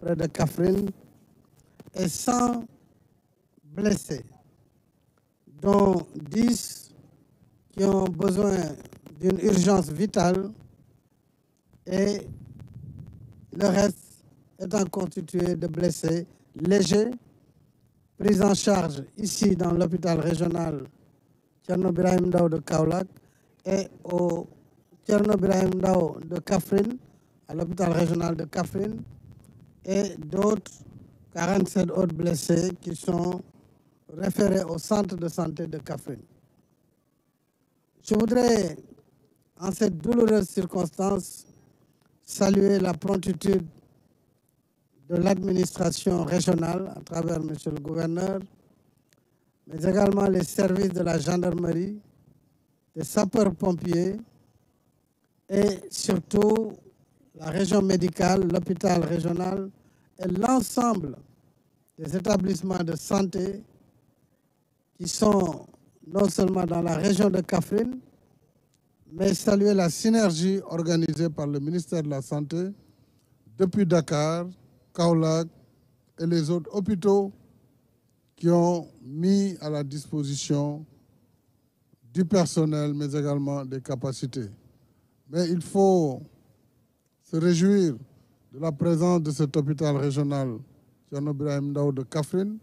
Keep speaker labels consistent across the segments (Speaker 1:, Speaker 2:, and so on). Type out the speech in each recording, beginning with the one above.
Speaker 1: près de Kaffrine, et 100 blessés, dont 10 qui ont besoin d'une urgence vitale et le reste étant constitué de blessés légers pris en charge ici dans l'hôpital régional Thierno Birahim Ndao de Kaolack et au Thierno Birahim Ndao de Kaffrine, à l'hôpital régional de Kaffrine. et d'autres 47 autres blessés qui sont référés centre de santé de Kaffrine. Je voudrais, en cette la promptitude de l'administration régionale à travers Monsieur le gouverneur, les services de la gendarmerie, des sapeurs-pompiers la région médicale, l'hôpital régional et l'ensemble des établissements de santé qui sont non seulement dans
Speaker 2: la région de Kaffrine, mais saluer la synergie organisée par le ministère de la Santé depuis Dakar, Kaolack et les autres hôpitaux qui ont mis à la disposition du personnel, mais également des capacités. Mais il faut se réjouir de la présence de cet hôpital régional Thierno Birahim Ndao de Kaffrine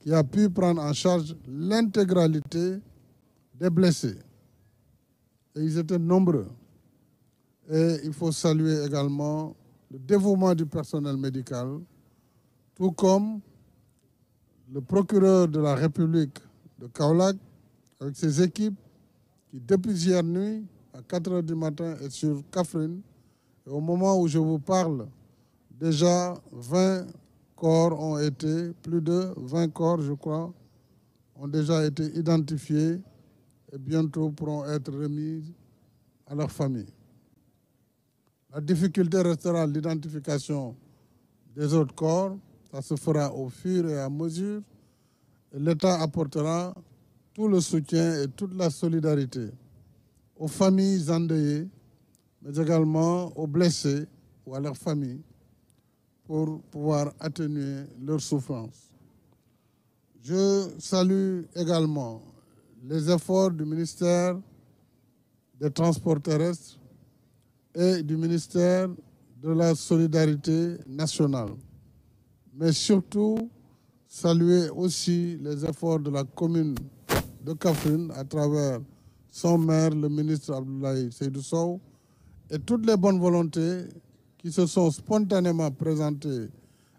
Speaker 2: qui a pu prendre en charge l'intégralité des blessés. Et ils étaient nombreux. Et il faut saluer également le dévouement du personnel médical, tout comme le procureur de la République de Kaolack avec ses équipes qui depuis hier nuit à 4 heures du matin est sur Kaffrine Au moment où je vous parle, déjà 20 corps ont été, plus de 20 corps, je crois, ont déjà été identifiés et bientôt pourront être remis à leur famille. La difficulté restera l'identification des autres corps. Ça se fera au fur et à mesure. L'État apportera tout le soutien et toute la solidarité aux familles endeuillées mais également aux blessés ou à leurs familles pour pouvoir atténuer leurs souffrances. Je salue également les efforts du ministère des Transports terrestres et du ministère de la Solidarité nationale, mais surtout saluer aussi les efforts de la commune de Kaffrine à travers son maire, le ministre Abdoulaye Seydou Sow, et toutes les bonnes volontés qui se sont spontanément présentées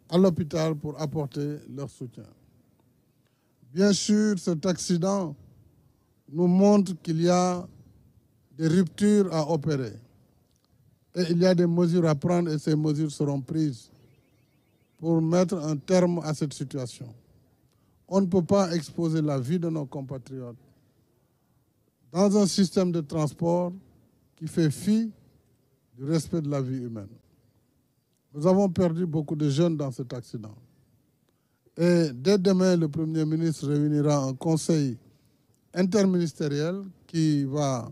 Speaker 2: à l'hôpital pour apporter leur soutien. Bien sûr, cet accident nous montre qu'il y a des ruptures à opérer et il y a des mesures à prendre et ces mesures seront prises pour mettre un terme à cette situation. On ne peut pas exposer la vie de nos compatriotes dans un système de transport qui fait fi du respect de la vie humaine. Nous avons perdu beaucoup de jeunes dans cet accident. Et dès demain, le Premier ministre réunira un conseil interministériel qui va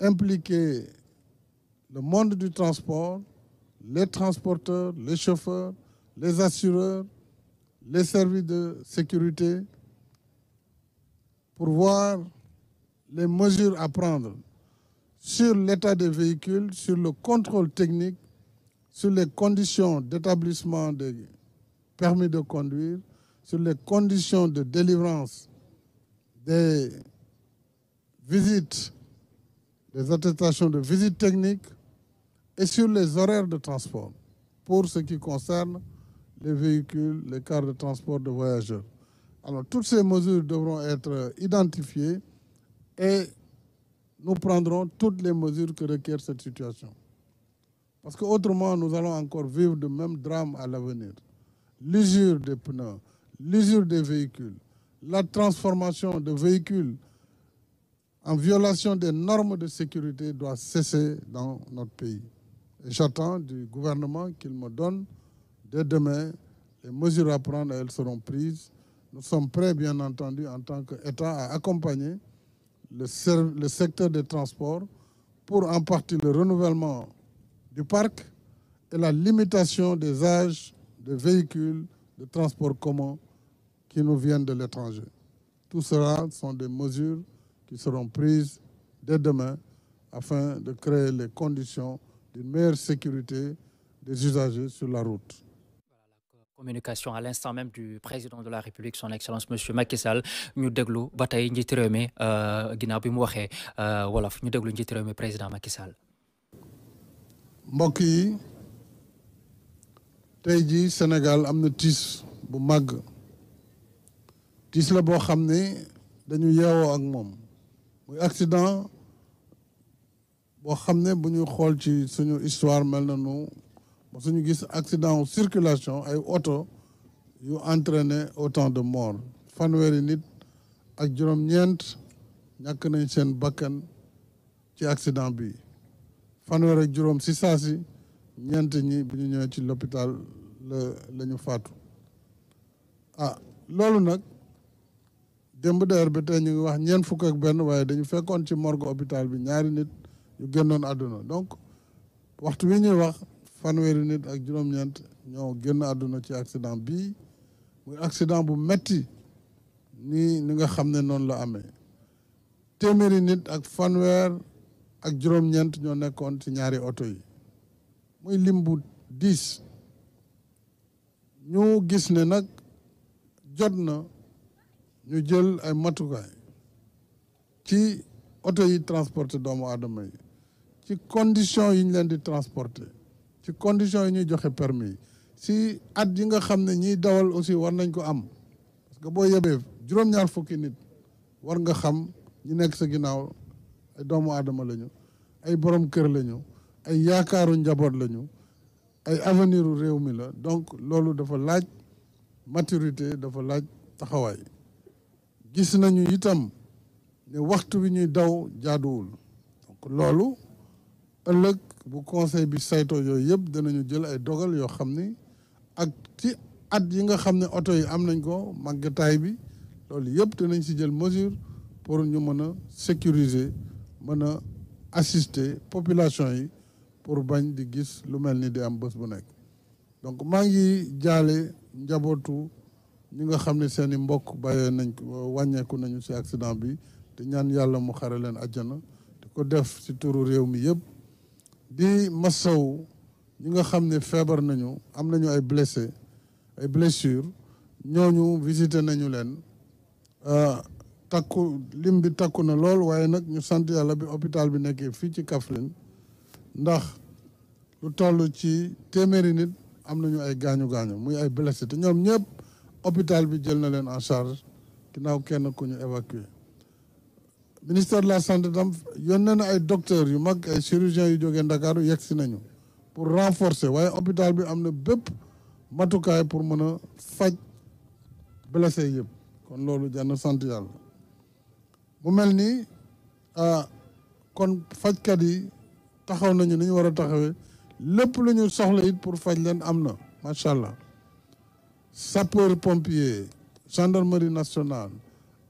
Speaker 2: impliquer le monde du transport, les transporteurs, les chauffeurs, les assureurs, les services de sécurité, pour voir les mesures à prendre sur l'état des véhicules, sur le contrôle technique, sur les conditions d'établissement des permis de conduire, sur les conditions de délivrance des visites, des attestations de visite techniques et sur les horaires de transport pour ce qui concerne les véhicules, les cars de transport de voyageurs. Alors toutes ces mesures devront être identifiées et nous prendrons toutes les mesures que requiert cette situation. Parce que qu'autrement, nous allons encore vivre de même drame à l'avenir. L'usure des pneus, l'usure des véhicules, la transformation de véhicules en violation des normes de sécurité doit cesser dans notre pays. Et j'attends du gouvernement qu'il me donne dès demain les mesures à prendre, elles seront prises. Nous sommes prêts, bien entendu, en tant qu'État, à accompagner le, le secteur des transport pour en partie le renouvellement du parc et la limitation des âges de véhicules de transport commun qui nous viennent de l'étranger. Tout cela sont des mesures qui seront prises dès demain afin de créer les conditions d'une meilleure sécurité des usagers sur la route. communication à l'instant même du président de la République son excellence monsieur Macky ñu déglu ba tey njiit réew mi euh, ginnaaw bi mu waxee euh, wolof ñu déglu njiit réew mi président Macky mbokk yi tey jii Sénégal am na tiis bu màgg tiis la boo xam ne dañu yeewoo ak moom muy accident boo xam ne bu ñu xool ci suñu histoire mel na nu ñu gis accident circulation ay oto yu entraîné autant de morts fanweeri nit ak juróom-ñeent ñàkk nañ seen bakkan ci accident bi fanweer ak juróom si saasi ñeent ñi bu ñu ñëwee ci l'hôpital lañu faatu ah loolu nag démb deer bi tey ñu ngi wax ñeent fukk ak benn waaye dañu fekkoon ci morgo hôpital bi ñaari nit yu génnoon àdduna donc waxtu wi ñuy wax fanweeri nit ak juróom-ñeent ñoo génn àdduna ci accident bii muy accident bu metti nii ni nga xam ne noonu la amee téeméeri nit ak fanweer ak juróom-ñeent ñoo nekkoon ci ñaari oto yi muy lim bu diis ñu gis ne nag jot na ñu jël ay matukaay ci oto yi transporter doomu aadama yi ci condition yi ñu leen di transporte ci condition yi ñuy joxe permis si at yi nga xam ne ñiy dawal aussi war nañ ko am parce que boo yebee juróom-ñaar fukki nit war nga xam ñu nekk sa ginnaaw ay doomu aadama lañu ay borom kër lañu ay yaakaaru njaboot lañu ay avenir réew mi la donc loolu dafa laaj maturité dafa laaj taxawaay gis nañu itam ne waxtu wi ñuy daw jaaduwul donc loolu ëllëg bu conseil bi sayto yooyu yëpp danañu jël ay dogal yoo xam ni ak ci at yi nga xam ne oto yi am nañ ko màggataay bi loolu yëpp danañ si jël mesure pour ñu mën a sécuriser mën a assister population yi pour bañ di gis lu mel ni di am bés bu nekk donc maa ngi jaale njabootu ñu nga xam ne seeni mbokk bàyyee nañ ko wàññeeku nañu si accident bi te ñaan yàlla mu xare leen àjjana te ko def si turu réew mi yëpp di masaw ñi nga xam ne feebar nañu am nañu ay blessé ay blessure ñooñu visité nañu leen euh, takku lim bi takku na lool waaye nag ñu sant yàlla bi hôpital bi nekkee fii ci Kaffrine ndax lu toll ci téeméeri nit am nañu ay gaañu-gaañu muy ay blessé te ñoom ñëpp hôpital bi jël na leen en charge ginnaaw kenn ku ñu évacué ministère de la santé tam yónnee na ay docteurs yu mag ay chirurgiens yu jógee Ndakaaru yegg si nañu pour renforcer waaye hôpital bi am na bépp matukaay pour mën a faj blessé yëpp kon loolu jar na sant yàlla mu mel ni kon fajkat yi taxaw nañu ni ñu war a taxawee lépp lu ñu soxla it pour faj leen am na macha allah sapeur pompier gendarmerie nationale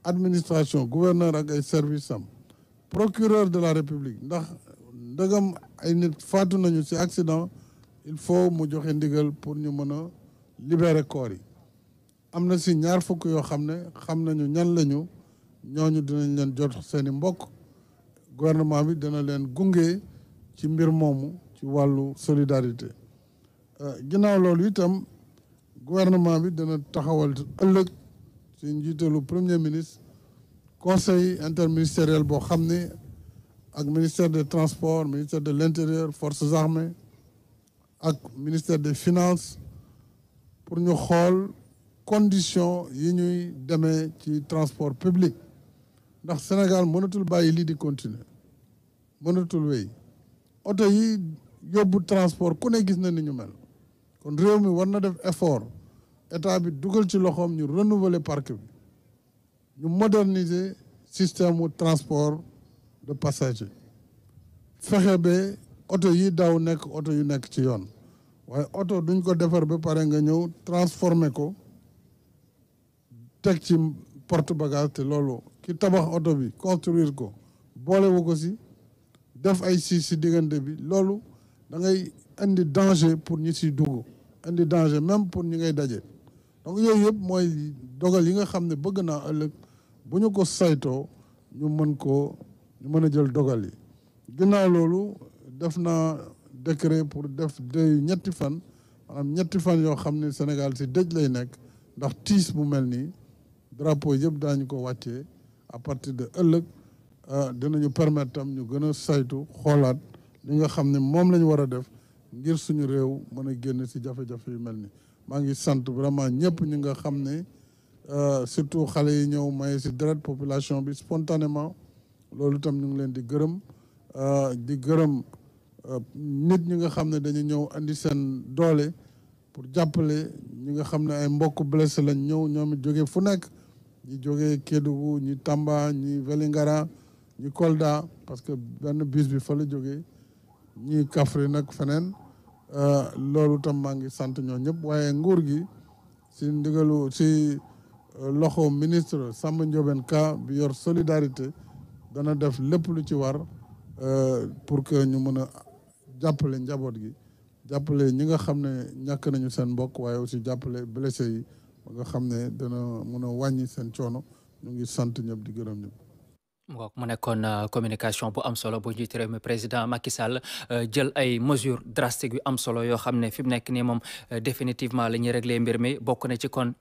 Speaker 2: administration gouverneur ak ay service am procureur de la république ndax ndegam ay nit faatu nañu ci accident il faut mu joxe ndigal pour ñu mën a libérer corps yi am na si ñaar fukk yoo xam ne xam nañu ñan lañu ñooñu dinañ leen jot seeni mbokk gouvernement bi dana leen gunge ci mbir moomu ci wàllu solidarité euh, ginnaaw loolu itam gouvernement bi dana taxawal ëllëg ci njiitalu premier ministre conseil interministériel boo xam ne ak ministère de transport ministère de l'intérieur forces armées ak ministère de finance pour ñu xool condition yi ñuy demee ci transport public ndax Sénégal mënatul bàyyi lii di continuer mënatul wéy oto yi yóbbu transport ku ne gis na ni ñu mel kon réew mi war na def effort état bi dugal ci loxoom ñu renouveler parc bi ñu moderniser système mu transport de passagers fexe ba oto yi daw nekk oto yu nekk ci yoon waaye oto duñ ko defar ba pare nga ñëw transformer ko teg ci porte bagage te loolu ki tabax oto bi construire ko boolewu ko si def ay siis si diggante bi loolu da ngay indi danger pour ñu si dugg indi danger même pour ñu ngay daje xam yooyu yëpp mooy dogal yi nga xam ne bëgg naa ëllëg bu ñu ko saytoo ñu mën ko ñu mën a jël dogal yi ginnaaw loolu def naa décret pour def dëy ñetti fan maanaam ñetti fan yoo xam ne Sénégal si dëj lay nekk ndax tiis bu mel nii drapeau yëpp daañu ko wàccee à partir de ëllëg euh, dinañu permettre tam ñu gën a saytu xoolaat li nga xam ne moom la ñu war a def ngir suñu réew mën a génn si jafe-jafe yu mel nii maa ngi sant vraiment ñëpp ñi nga xam ne euh, surtout xale yi ñëw may si deret population bi spontanément loolu itam ñu ngi leen di gërëm euh, di gërëm euh, nit ñi nga xam ne dañu ñëw indi seen doole pour jàppale ñi nga xam ne ay mbokk blessé lañ ñëw ñoom it jógee fu nekk ñu jóge Kédougou ñu Tamba ñi Vélingara ñi Kolda parce que benn bus bi fa la jógee ñuy Kaffrine nag feneen Euh, loolu tam maa ngi sant ñoo ñëpp waaye nguur gi si ndigalu si euh, loxo ministre Samba Ndiobène Ka bi yor solidarité dana def lépp lu ci war euh, pour que ñu mën a jàppale njaboot gi jàppale ñi nga xam ne ñàkk nañu seen mbokk waaye aussi jàppale blessé yi ba nga xam ne dana mën a wàññi seen coono ñu ngi sant ñëpp di gërëm ñëpp waaw mu nekkoon euh, communication bu am solo bu njiit réew mi président Macky Sall euh, jël ay mesures drastique yu am solo yoo xam ne fi mu nekk nii moom euh, définitivement la ñuy réglé mbir mi bokk na ci kon